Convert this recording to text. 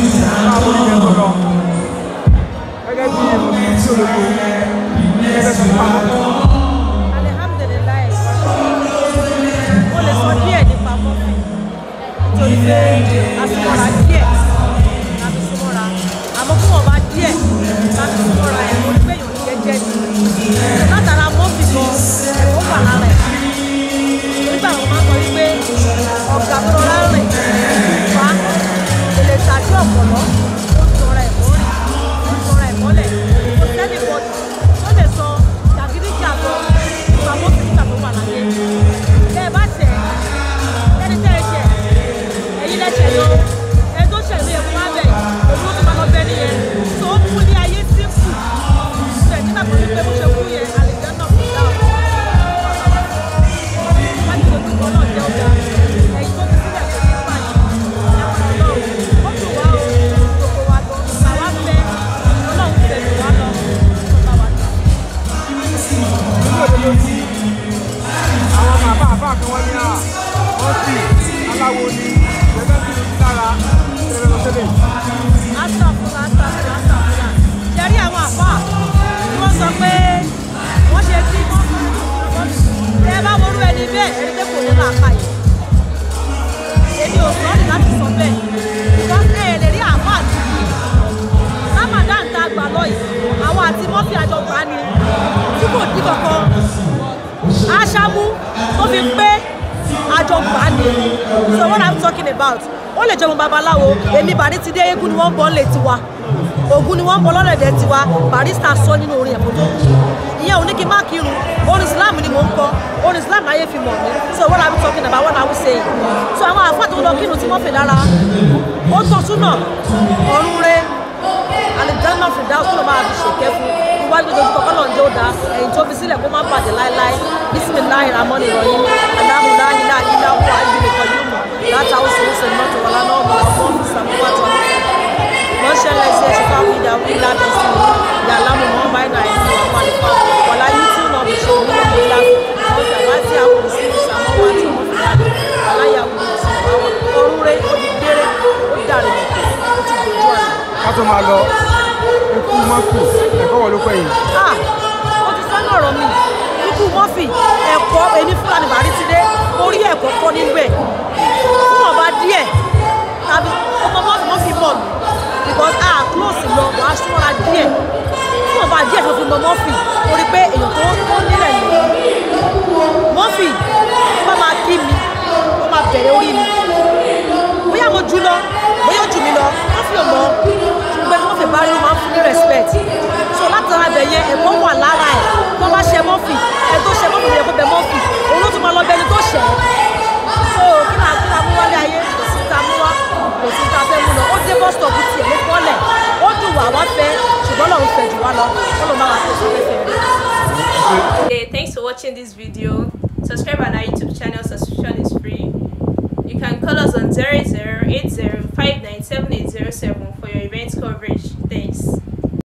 àwọn oníyẹn tó lọ gẹ́gẹ́ bí ìròyìn tí olóko gẹ́gẹ́ tó pa mọ́. ọ̀pọ̀lọ́ ó ń tọrọ ẹ̀ mọ́rin ó ń tọrọ àwọn bàbá àbá kan wọ́n ní à wọ́n sì aláwo ni ìgbẹ́jọ́ sì ní lára ìṣẹ̀lẹ̀ lọ́sẹ̀lẹ̀. látọ̀kùnlá látọ̀kùnlá látọ̀kùnlá yẹrí àwọn àbá tí wọ́n sọ pé wọ́n ṣe tí wọ́n ẹ bá wọlú ẹni bẹ́ẹ̀ ẹni pé kò ní làákàyè èmi àti mọ́fì àjọgbá ni tí kò dín kankan wípé àjọ gbà ní so what i'm talking about ó lè jọmọ babaláwo èmi bàdí ti dé eégún ni wọ́n bọ́ lè tiwa ògùn ni wọ́n bọ́ lọ́lẹ̀dẹ̀ tiwa barista sọ nínú orin ẹ̀kọ́ tó ìyẹn ò ní kí n má kírun orin islam ni mò ń kọ orin islam láyé fi mọ̀ mí so what i'm talking about what i'm saying so àwọn àfáà tó lọ kírun tí wọ́n fi lára ó tọ́ súnà ọ̀run re alìjánná fìdá ó tún lọ́ máa fi ṣèkẹ́ fún iwájú tó ti kọ́kọ́ lọ́njẹ́ ó dáa ẹ̀yìn tó fi sílẹ̀ kó má bàjẹ́ láéláé bisimilahi rahman irọyìn aláhùláhi láàyè láwùjọ ayélujára kọjúmọ látàwọn sòwòsò mọtò wàlá náà wọn àwọn ọmọ ìsàmúwà tó ń wọn ṣẹlẹ̀ sí ẹṣin fáwọn ìdáwó ilá bẹsẹ yàrá mọ wọn báyìí ẹni wà wà lẹfà wọlá yìí tí wọn bẹ ṣe òun náà wọn lábẹ wọn jàmbá sí àwọn òsì ìsàmúwà fi dàbí aláyàwó ìsàmúwà ọrùn rẹ ó di dérè ó dàrí ó ti dojú àná. ká máa lọ ikú mọ́tò ẹ̀kọ́ wọ ló pẹ́ yìí. ó ti sọ́nà ọ̀rọ̀ mi ikú Murphy ẹ̀kọ́ ẹni Fúlàní Bàárí ti dé mo rí ẹ̀kọ́ kọ́ nínú ẹ̀ fún ọba díẹ̀ tàbí ọmọ Murphy Murphy mọ̀ mí because a close lọ wàá ṣọ́ra díẹ̀ fún ọba díẹ̀ tó fi mọ Murphy mo rí pé èèyàn tó tó nílẹ̀ lọ Murphy wọ́n máa kí mi wọ́n máa bẹ̀rẹ̀ orí mi bóyá mo jù lọ bóyá jù mí lọ Murphy ò mọ̀ ṣùgbọ́n Murphy bá rí máa fún ní respect so látara bẹ̀yẹ ẹ̀kọ́ bẹ mọ́fì òun ló tún máa lọ bẹ ẹni tó ṣẹ̀ so kí náà kí náà mú wálé ayé kò sí ta mú wá kò sí ta fẹ́ mú lọ ó dé bus stop tiẹ̀ ló kọ́lẹ̀ ó dùn wà wá fẹ́ ṣùgbọ́n lọ́run fẹ́ jù wá lọ ó lọ́ máa wà fẹ́ sọ́kẹ́ fẹ́. Hey, thanks for watching this video. Subscribe on our YouTube channel, subscription is free. You can call us on 0080 597 807 for your event coverage. Thanks.